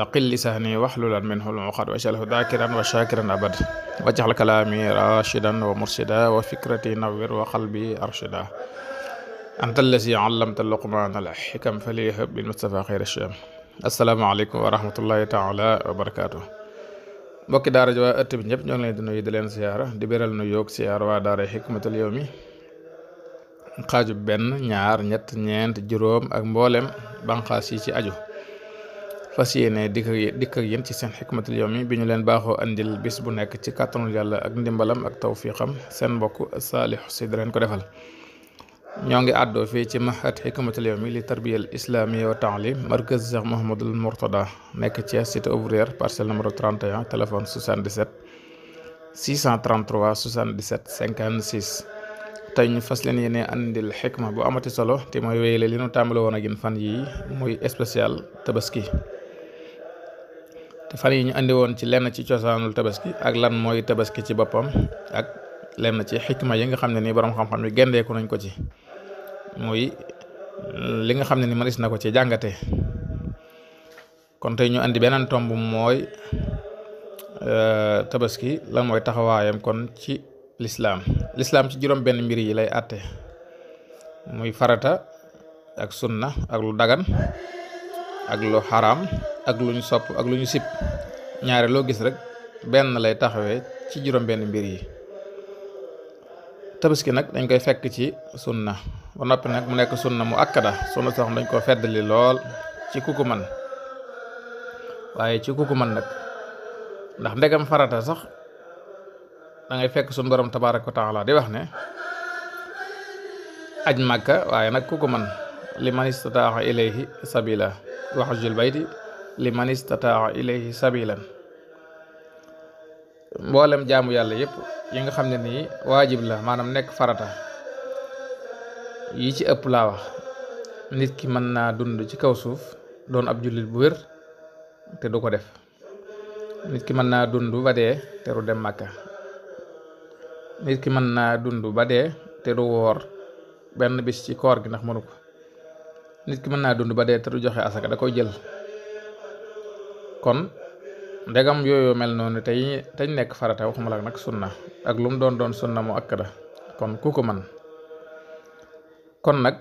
laqil lisaani waxlulan minhu lmuqad waj'alhu daakiran wa shaakiran abad waj'al kalaami raashidan wa murshidan wa fikrati nawwir wa qalbi arshida anta allamta luqmaana al-xikam falyahab bil mustafa xayra sham assalaamu aleykum wa taala wa barakaatu mbokki daara ji bi ñëpp ñoo ngi leen di nuyu di leen siyaara di beral nu yoog siyaar waa daara Hikmatul Yawmi xaaju benn ñaar ñett ñeent juróom ak mboolem banqaas yi ci aju fas yéene dikk dikk ak ci seen xikmatul yawmi bi ñu leen baaxoo andil bis bu nekk ci kàttanul yàlla ak ndimbalam ak tawfiqam seen mbokk Saliou Sy da leen ko defal ñoo ngi àddoo fi ci mahad xikmatul yawmi li tarbiyal islamiya wa taalim markaz Cheikh Mouhamadul Mourtada nekk ci cité ouvrière parcelle numéro 31 téléphone 77 633 77 56 tey ñu fas leen yéene andil xikma bu amati solo te mooy wéyale li ñu tàmbali woon a yéen fan yi muy spécial tabaski te fan yi ñu andi woon ci lenn ci cosaanul tabaski ak lan mooy tabaski ci boppam ak lenn ci xikma yi nga xam ne nii borom xam-xam yi nañ ko ci muy li nga xam ne ni mënees na ko ci jàngate kon tey ñu indi beneen tomb mooy euh, tabaski lan mooy taxawaayam kon ci lislaam lislaam ci juróom benn mbir yi lay àtte muy farata ak sunna ak lu dagan ak lu xaraam ak lu ñu sopp ak lu ñu sib ñaare loo gis rek benn lay taxawee ci juróom-benn mbir yi tabaski nag dañ koy fekk ci sunna ba noppi nag mu nekk sunna mu akkada sunna soo xam dañ koo feddali lool ci ku ko man waaye ci kuku man nag ndax ndegam farata sax da fekk suñu borom tabaaraka wa taala di wax ne aj màkka waaye nag kuku man li man istataaxa ilayhi sabila waxajul bayti liman istataa ilayhi sabilan mboolem jaamu yàlla yépp yi nga xam ne nii waajib la maanaam nekk farata yi ci ëpp laa wax nit ki mën naa dund ci kaw suuf doon ab jullit bu wér te du ko def nit ki mën naa dund ba dee dem màkka nit ki mën naa dund ba dee te du woor benn bis ci koor gi ndax mënu ko nit ki mën naa dund ba dee te du joxe asaka da koy jël kon ndegam yooyu mel noonu tey tañ nekk farata waxuma la nag sunna ak lu mu doon doon sunna mu akkada kon ku ko man kon nag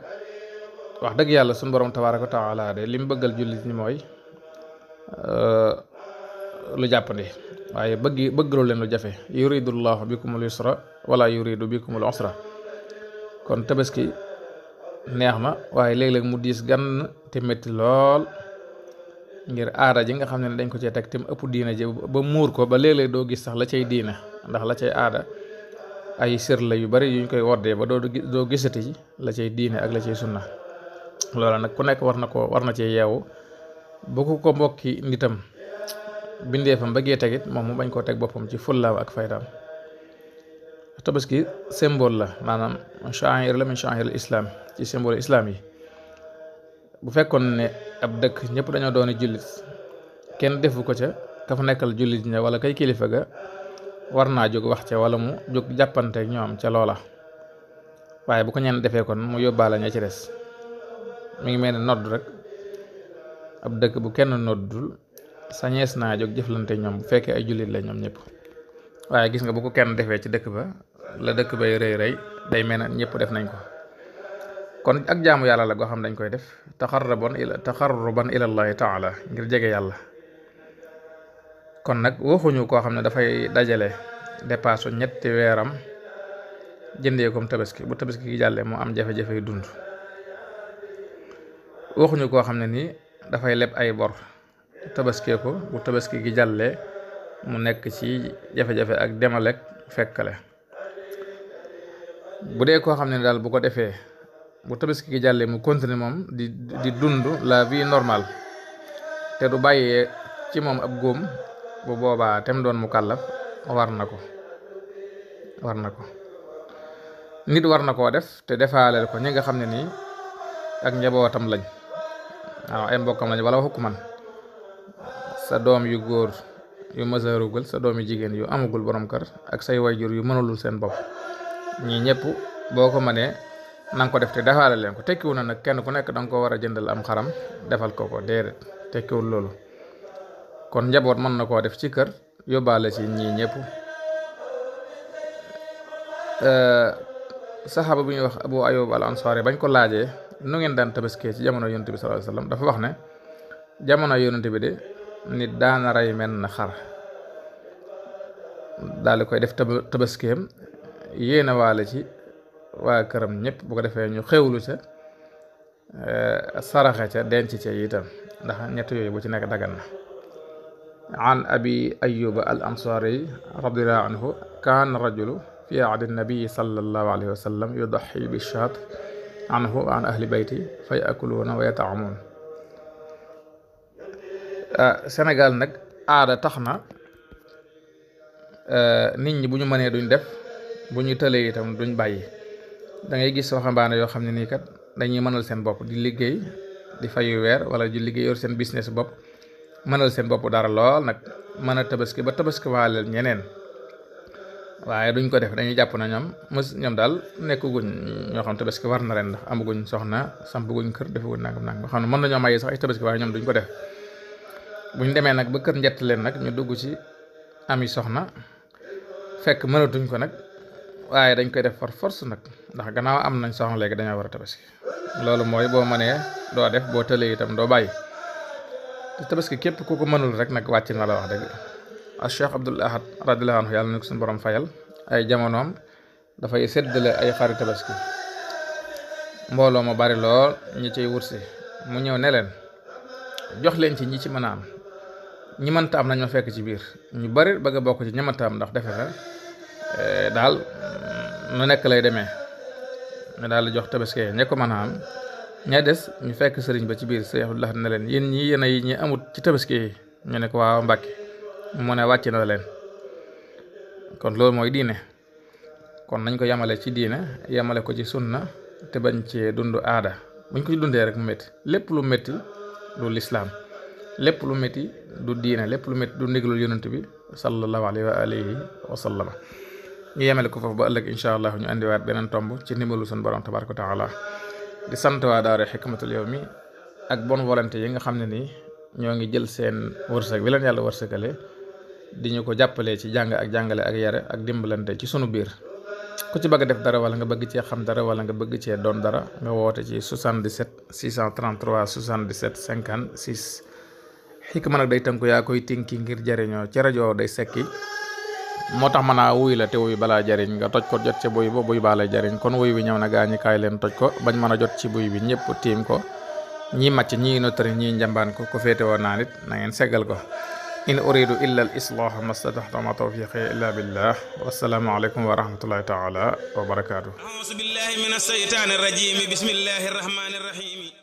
wax dëgg yàlla suñu borom tabaaraka wa taala de li mu bëggal jullit ñi mooy euh, lu jàppandi waaye bëggi bëggalu leen lu jafe yuridullahu bikumul yusra wala yuridu bikumul usra kon tabaski neex na waaye léeg-léeg mu diis gan te métti lool ngir aada ji nga xam ne dañ ko cee teg te mu ëpp diina ji ba muur ko ba léeg doo gis sax la cay diina ndax la cay aada ay sër la yu bari yuñ koy woddee ba doo doo gisati la cay diine ak la cay sunna loola nag ku nekk war na ko war na cee yeewu bu ko ko mbokki nitam bindeefam bëggee tegit moom mu bañ koo teg boppam ci fullaam ak faydaam tabaski symbole la maanaam sha'ir la min sha'ir islaam islam ci symbole islaam yi bu fekkoon ne ab dëkk ñëpp dañoo doon jullit kenn defu ko ca ka fa nekkal jullit ña wala kay kilifa ga war naa jóg wax ca wala mu jóg jàppanteek ñoom ca loola waaye bu ko ñenn defee kon mu yóbbaale ña ci des mu ngi mel ni nodd rek ab dëkk bu kenn noddul sañees naa jóg jëflante ñoom bu fekkee ay jullit la ñoom ñëpp waaye gis nga bu ko kenn defee ci dëkk ba la dëkk bay rëy rëy day mel ne ñëpp def nañ ko kon ak jaamu yàlla la goo xam dañ koy def taxarruban ila taxarruban ilallahi taala ngir jege yàlla kon nag waxuñu koo xam ne dafay dajale dépaasu ñetti weeram jëndee comme tabaski bu tabaski gi jàllee moo am jafe-jafe yu waxuñu koo xam ne nii dafay leb ay bor tabaskee bu tabaski gi jàllee mu nekk ci jafe-jafe ak demalek fekkale bu dee koo xam ne daal bu ko defee bu tabaski gi jàllee mu continuer moom di di dund la vie normal te du bàyyee ci moom ab góom bu boobaa tem doon mu kàllaf war na ko war na ko nit war na koo def te defaaleel ko ñi nga xam ne nii ak njabootam lañ waaw ay mbokkam lañ wala waxu man sa doom yu góor yu mësaarugul sa doom yu jigéen yu amagul boroom kër ak say wayjur yu mënalul seen bopp ñii ñëpp boo ko mënee nanga ko def te defaale leen ko tekkiwu na nag kenn ku nekk da nga ko war a jëndal am xaram defal ko ko déedéet tekkiwul loolu kon njaboot mën na koo def ci kër yóbbaale si ñii ñëpp eh, saxaaba bu ñuy wax abu ayub al ansari bañ ko laajee nu ngeen daan tabaskee ci jamono yonent bi sallallahu alayhi dafa wax ne jamono yonent bi de nit daana rey na xar daal di koy def tabaskeem yéene waale ci waa këram ñëpp bu ko defee ñu xewlu ca eh, saraxa ca denc ca itam ndax ñetti yooyu bu ci nekk dagan na an abi ayuba al ansari radiallahu anhu kaan rajulu fi ahdi nabii sallallahu alayhi wa sallam yudaxi bi shaat anhu an ahli bayti fa yaakuluuna wa yataamuun eh, Sénégal nag aada tax na eh, nit ñi bu ñu mënee duñ def bu ñu tëlee itam duñ bàyyi dangay gis waxambaane yoo xam ne nii kat dañuy mënal seen bopp di liggéey di fayu weer wala di liggéey yor seen business bopp mënal seen bopp dara lool nag mën a tabaski ba tabaski waaleel ñeneen waaye duñ ko def dañuy jàpp na ñoom mos ñoom daal nekkuguñ ñoo xam tabaski war na leen ndax amaguñ soxna sampaguñ kër defaguñ nangam nangam nga xam ne mën nañoo maye sax ay tabaski waaye ñoom duñ ko def buñ demee nag ba kër njett leen nag ñu dugg ci ami soxna fekk mënatuñ ko nag. waaye dañ koy def par force nag ndax gannaaw am nañ soxna léegi dañoo war a tabaski loolu mooy boo mënee doo def boo tëlee itam doo bàyyi te tabaski képp ku ko mënul rek nag wàcc na la wax dëgg ak Cheikh Abdoul Ahad radiyallahu yàlla na ko suñu borom fayal ay jamonoom dafay séddale ay xari tabaski mbooloo mu bari lool ñi ciy wursi mu ñëw ne leen jox leen ci ñi ci mën a am ñi mënta am nañ ma fekk ci biir ñu bari bëgg a bokk ci ñi mënta am ndax defe na eh, nu nekk lay demee nga daal di jox tabaskee ña ko mën a am ña des ñu fekk sëriñ ba ci biir Seexul Laxad na leen yéen ñii yéen yi ñi amut ci tabaski yi ñu ne ko waaw Mbàkke mu ne wàcce na leen kon loolu mooy diine kon nañ ko yamale ci diine yamale ko ci sunna te bañ cee dund aada buñ ko ci dundee rek mu métti lépp lu metti du lislaam lépp lu metti du diine lépp lu métti du ndigalul yonent bi sallallahu alayhi wa wa sallama ñu yemale ko foofu ba ëllëg incha allah ñu andiwaat beneen tomb ci ndimbalu suñu borom tabaraka taala di sant waa daara xikmatul mi ak bon volonté yi nga xam ne nii ñoo ngi jël seen wërsëg bi leen yàlla wërsëgale di ñu ko jàppale ci jàng ak jàngale ak yare ak dimbalante ci sunu biir ku ci bëgg def dara wala nga bëgg cee xam dara wala nga bëgg cee doon dara nga woote ci 77 633 77 56 xikma nag day tënku yaa koy tinki ngir jariñoo ci rajo day sekki moo tax mën a wuy la te wuy balaa jariñ nga toj ko jot ci buy ba buy baa lay jariñ kon wuy wi ñëw na gaañi kaay leen toj ko bañ mën a jot ci buy bi ñëpp tiim ko ñii màcc ñii notari ñii njambaan ko ko féete woon naa nit na ngeen seggal ko in uridu illa al islaah mastataxta ma tawfiqi illa billah wassalaamu aleykum wa rahmatullahi taala wa barakaatu auzu billahi min asheytaani rajim